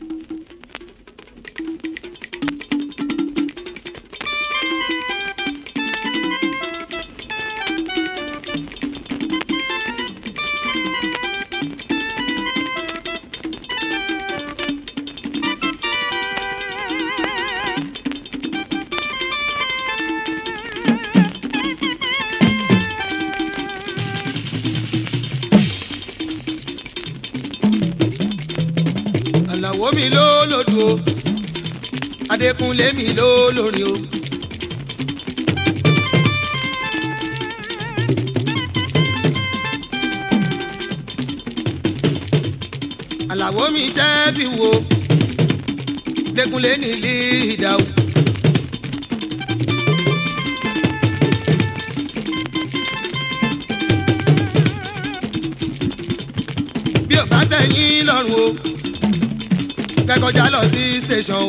Thank you. ìyàwó mi ló o adékúnlé mi ló lórin o. àlàwó mi jẹ́ bí wo adékúnlé ní lídà o. bí ọ̀gá tẹ̀yìn lọ́rùn o fẹ́ kọjá lọ sí station o.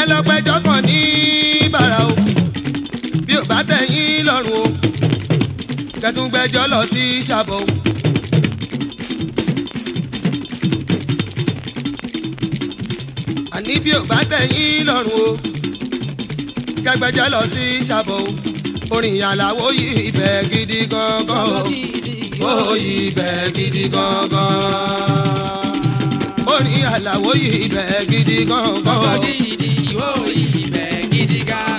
ẹ lọ pẹjọ́ kàn ní bàrà o bí ò bá tẹ́ yín lọ́rùn o kẹtùngbẹ́jọ́ lọ sí ṣàbọ̀ o. àní bí ò bá tẹ́ yín lọ́rùn o kẹgbẹ́jọ́ lọ sí ṣàbọ̀ orin ìyàlàwó yìí ibẹ̀ gidi gangan ó yí ibẹ̀ gidi gangan orin ìyàlàwó yìí ibẹ̀ gidi gangan ó yí ibẹ̀ gidi gangan.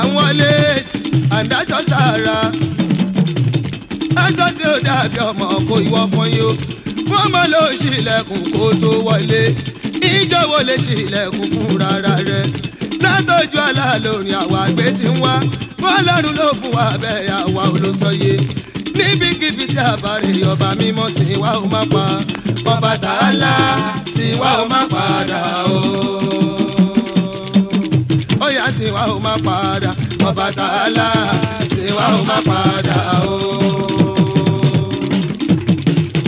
àwọn lẹ́sì àdájọ sára ẹjọ́ tí ó dàbí ọmọ kò ìwọ fún yín o wọ́n máa lọ ṣílẹ̀kùn kó tó wọlé ìjọwọ́ lè ṣílẹ̀kùn fún rárá rẹ sátọ́jú àlá lórí àwọn àgbẹ̀ tí ń wá wọ́n lọ́rùn ló fún wa bẹ́ẹ̀ àwa ò ló sọyé níbikíbi tí a bá rí ọba mímọ́ sí wa ó má pa ọba tààlà sí wa ó má padà o wa ó má padà Ọbàtálá ṣe wa ó má padà o.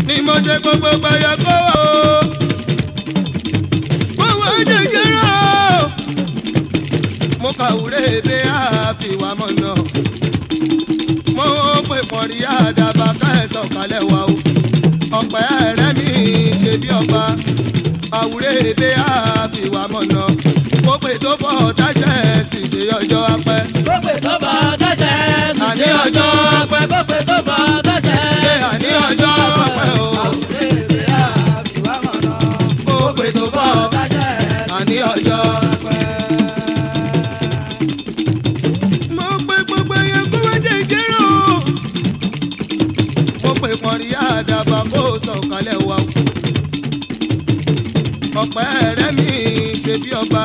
ni mo jẹ gbogbo gbẹyọ kó wà o gbogbo jẹjẹrẹ o mo kàwúrẹ́ ebè àfiwà mọ́nà mo pè pọ̀rí àdàbà káẹ̀sán kalẹ̀ wa o ọ̀pẹ́ rẹ̀ mi ṣe bí ọba àwúrẹ́ ebè àfiwà mọ́nà mo pè tó bọ̀ ọ̀tá ṣe ọjọ́ apẹ́. Kópe tó bọ̀ dọ́sẹ̀. Àní ọjọ́ apẹ́. Kópe tó bọ̀ dọ́sẹ̀. Ṣé àní ọjọ́ apẹ́ o? Àwùjọ èrè àbíwá mọ̀nà. Kópe tó bọ̀ dọ́sẹ̀. Àní ọjọ́ apẹ́. Mo pe gbogbo yẹn kó wá jẹ́ ìjẹ́rò. Mo pe kọrin àdàbà kó sọ̀kalẹ̀ wa kù. Ọ̀pẹ́ rẹ̀ mi ṣe bí ọba.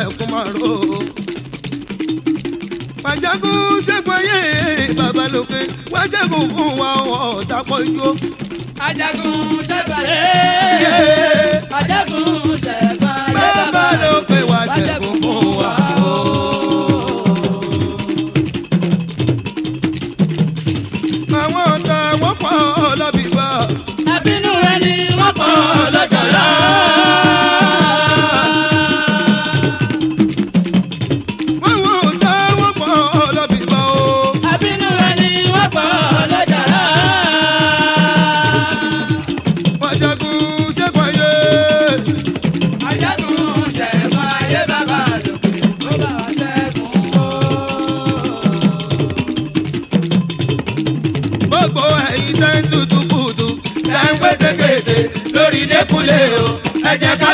Àjàgùn ṣẹ́gun ayé babalókè wá ṣẹ́gun fún wa ọ̀tá pọ̀jù. Àjàgùn ṣẹ́gun ayé Àjàgùn ṣẹ́gun ayé babalókè wá ṣẹ́gun fún wa ọ̀tá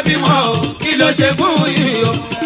bímọ o kí ló ṣe fún yìí o.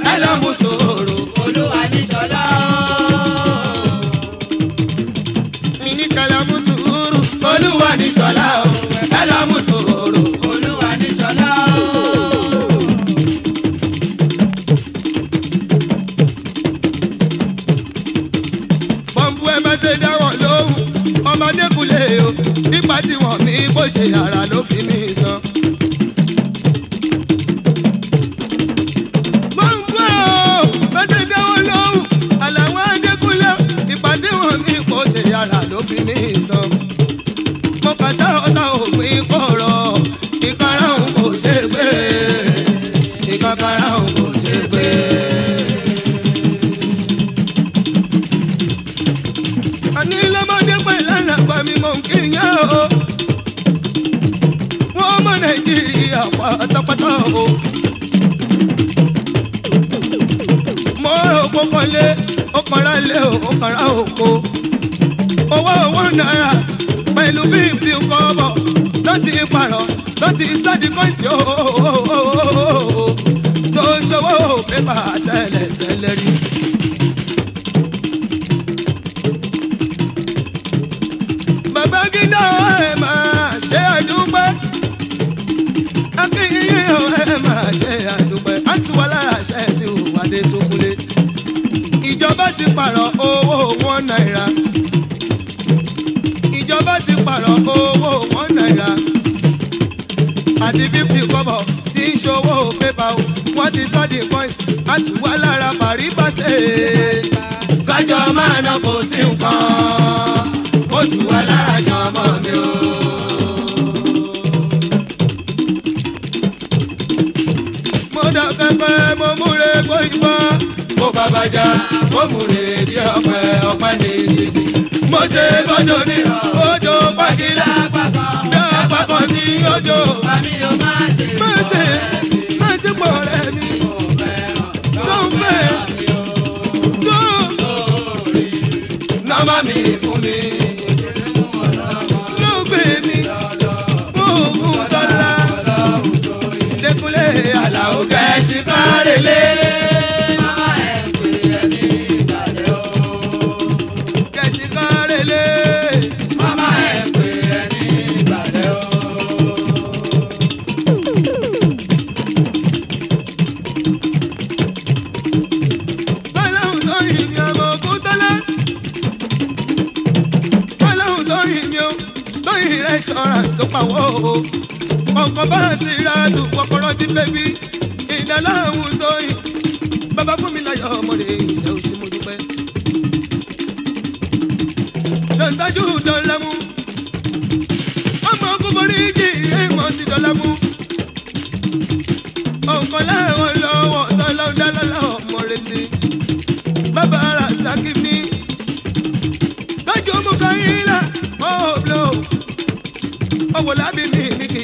pátápátá o. mo òkú kan lé ọkànra lé ọkànra òkú owó owó náírà pẹ̀lú fíìmù kọ́ bọ̀ láti pààrọ̀ láti sáàdì kọ́ìsì ooo tó ṣòwò pépà tẹ́lẹ̀ tẹ́lẹ̀ rí. bàbá gíga ẹ̀ máa ṣe àdúgbò ẹ máa ṣe àdúpẹ́ àti wàhálà àṣẹ ní ìwádé tó kúlé. ìjọba ti pààrọ̀ owó one naira. ìjọba ti pààrọ̀ owó one naira. àti fifty kọ́bọ̀ tí ń ṣòwò pépà o wọ́n ti sọ́ di coins àti wàhálà ara parí pàṣẹ. kájọ máa ná kò sí nǹkan ó tù wá lára yan mi o. gbó igbó mo bàbàjà mo múre di ọpẹ́ ọpẹ́ ní ìsìtì. mo ṣe bọ́jọ́ mi ojó pàkílà pàpọ̀ dá pàpọ̀ ojó. àmì yóò má ṣe pọ̀ rẹ̀ mi. má ṣe pọ̀ rẹ̀ mi. tó ń bẹ̀ tó ń rí. nọ́mà mi fún mi. ọmọ bá síra lù kọ́kọ́rọ́ ti pé bí ìdá láwùn tó yìn bàbá fún mi láyọ̀ ọmọdé ìdá òsì mo dúpẹ́. dọ̀ntájú dọ̀lámú ọmọ kúkúrú jì èèmọ̀ sí dọ̀lámú ọ̀kan láwọn lọ́wọ́ dọ́lọ́dọ́lọ́lá ọmọ rẹ̀ ti bàbá ara sákì mi tọ́jú mú kan yín là ọ́ blọ̀ ọ̀wọ̀ lábí mi nìkì.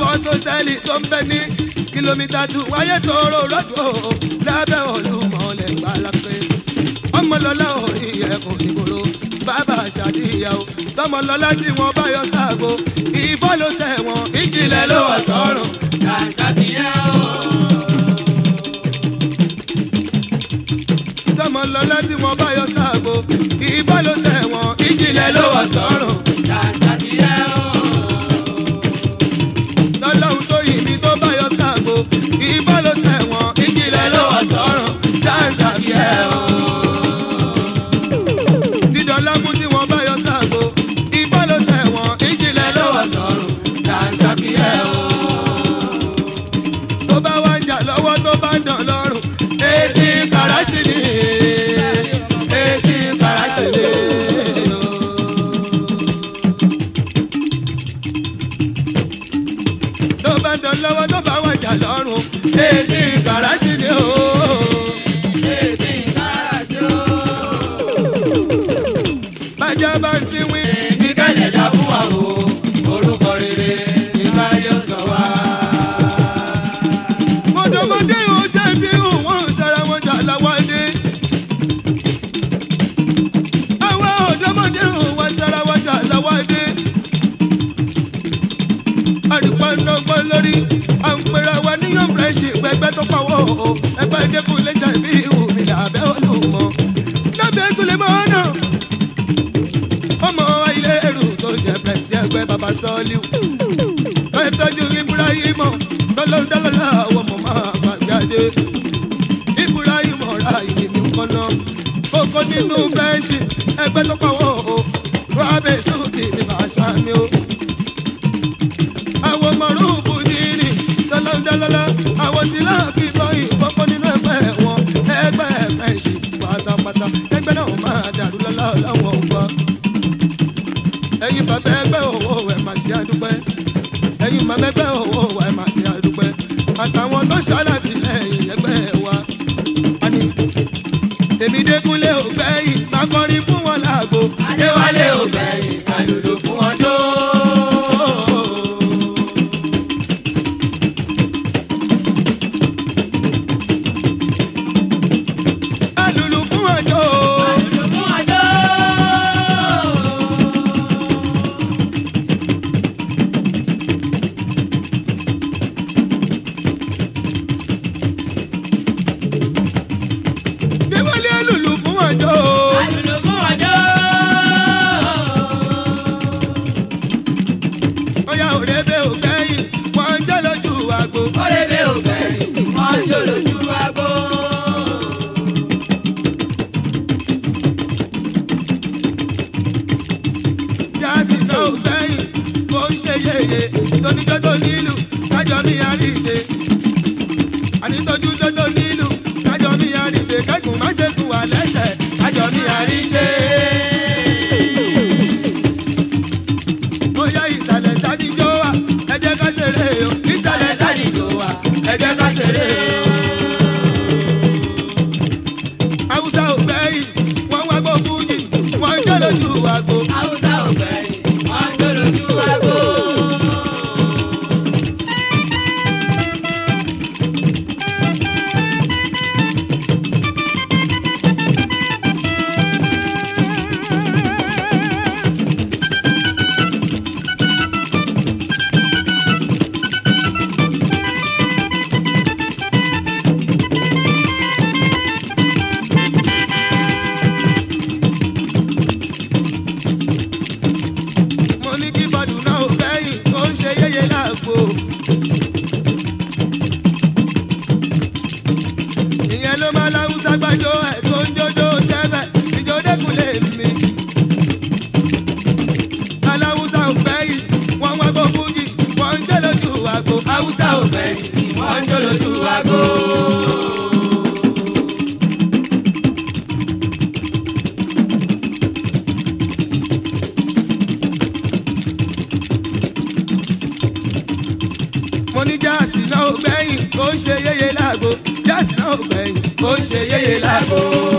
fọ́ sọ́tẹ́lì tó ń bẹ ní kìlómítà tù wáyé tóró rọ́dù ó lábẹ́ olúmọ̀ọ́lẹ̀ gbàlápẹ́. ọmọlọ́lá orí ẹ̀kún ìgboro bàbá ṣàdíyàwó tọmọlọ́lá tí wọ́n bá yọ sáàgó ìbọn ló tẹ̀ wọ́n ìjìnlẹ̀ ló wà sọ́run. ṣàṣàdíyàwó. tọmọlọ́lá tí wọ́n bá yọ sáàgó ìbọn ló ìjìnlẹ̀ ló wà sọ́run. ẹgbẹ́ tó pawọ́ ẹgbẹ́ Adékúnlé Jàbí ìhùmí làbẹ́ Olúmọ. lábẹ́ Sulemọ́nà ọmọ ilé ẹrù tó jẹ pẹ̀sì ẹgbẹ́ bàbá sọ́ọ́líù. lọ́ ìtọ́jú Ibrahim tọ́lọ́dọ́lọ́lá àwọn ọmọ máa bá jáde. Ibrahim ọ̀rá ìdí ní kọ́nà kókó nínú fẹ́ǹsì ẹgbẹ́ tó pawọ́ rábẹ́ sùn kì í bá aṣá mi o. mọ̀mẹ́gbẹ́ owó ẹ̀ mà ṣe àdúpẹ́ ẹ̀yin mọ̀mẹ́gbẹ́ owó ẹ̀ mà ṣe àdúpẹ́ àtàwọn tó ṣàlàtìlẹ́yìn ẹgbẹ́ wa. àní èmi Dékúnlé ògbẹ́yìn máa kọrin fún wọn láago. Adéwálé ògbẹ́yìn kájọ mi àríṣe ànítọ́jú tótó nínú kájọ mi àríṣe kẹ́kùn má ṣe kù wà lẹ́sẹ̀ kájọ mi àríṣe. lágbájọ ẹ̀tọ́ ńjọ́jọ́ tẹ́lẹ̀ ìjọ́dẹ́kùn lè mí. aláwùsá ò fẹ́ yìí wọ́n wá bọ́ búgì wọ́n ń jó lójú àgbo. haúsá ò fẹ́ yìí wọ́n ń jó lójú lágbo.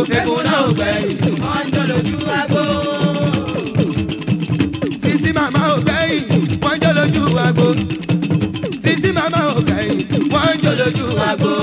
òfegun náà ò gbẹ̀yìn wọ́n jọ lójú agbo. Sisi mama ò gbẹ̀yìn wọ́n jọ lójú agbo. Sisi mama ò gbẹ̀yìn wọ́n jọ lójú agbo.